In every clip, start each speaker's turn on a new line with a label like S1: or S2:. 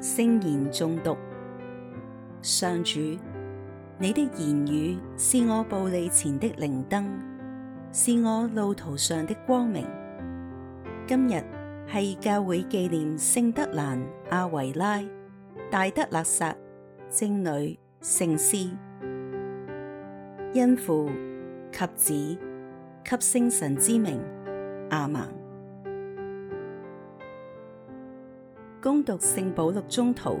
S1: 聖言誦讀，上主，你的言語是我步履前的靈燈，是我路途上的光明。今日係教會紀念聖德蘭、阿維拉、大德肋撒、聖女、聖師、因父及子及聖神之名。阿門。恭讀聖保祿宗徒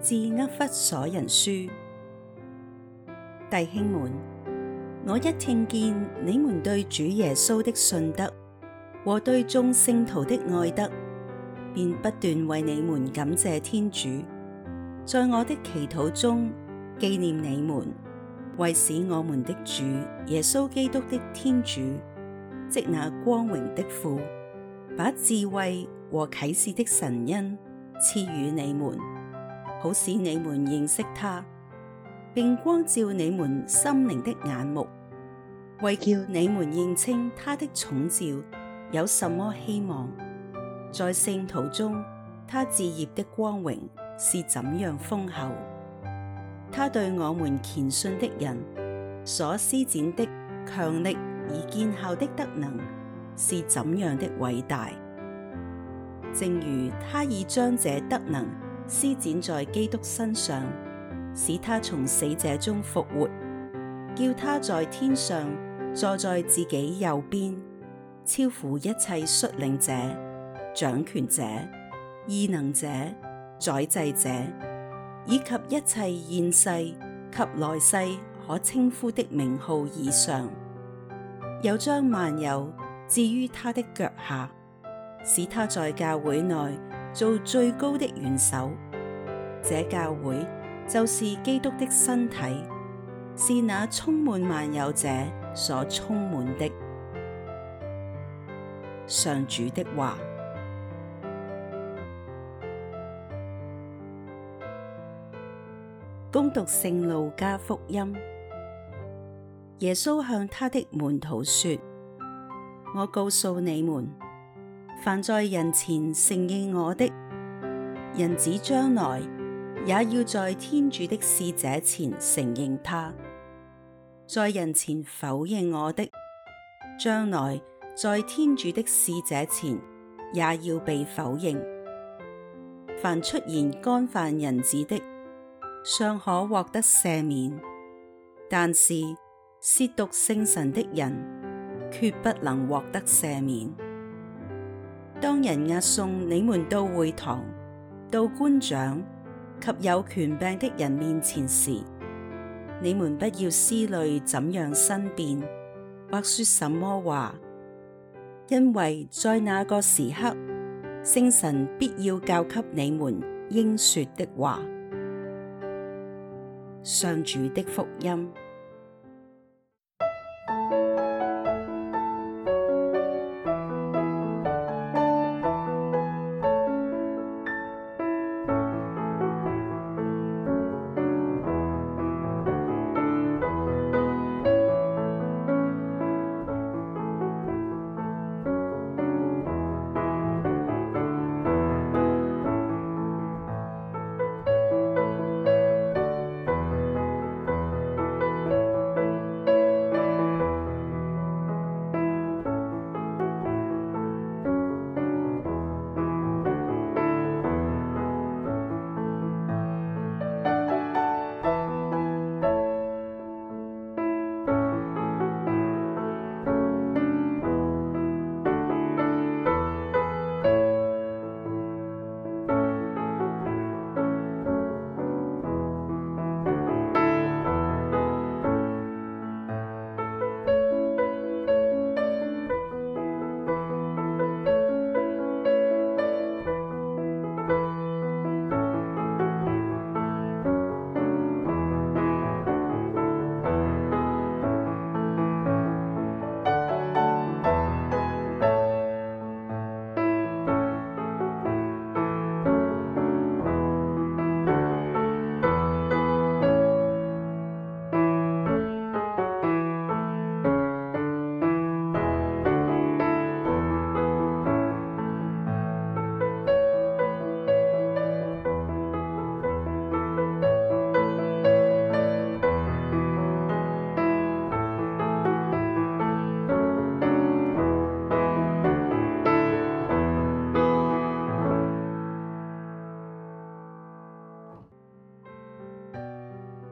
S1: 致厄弗所人書，弟兄們，我一聽見你們對主耶穌的信德和對眾聖徒的愛德，便不斷為你們感謝天主，在我的祈禱中紀念你們，為使我們的主耶穌基督的天主，即那光榮的父，把智慧和啟示的神恩。賜予你們，好使你們認識他，並光照你們心靈的眼目，為叫你們認清他的寵召有什麼希望。在聖徒中，他嗣業的光榮是怎樣豐厚。他對我們虔信的人所施展的強力而見效的德能，是怎樣的偉大。正如他已將這德能施展在基督身上，使他從死者中復活，叫他在天上坐在自己右邊，超乎一切率領者、掌權者、異能者、宰制者以及一切現世及來世可稱呼的名號以上，又將萬有置於他的腳下。使他在教會內做最高的元首，這教會就是基督的身體，是那充滿萬有者所充滿的。上主的話，恭讀聖路加福音，耶穌向他的門徒說：我告訴你們。凡在人前承認我的，人子將來也要在天主的使者前承認他；在人前否認我的，將來在天主的使者前也要被否認。凡出言干犯人子的，尚可獲得赦免，但是褻瀆聖神的人，決不能獲得赦免。當人押送你們到會堂，到官長及有權柄的人面前時，你們不要思慮怎樣申辯，或說什麼話，因為在那個時刻，聖神必要教給你們應說的話。上主的福音。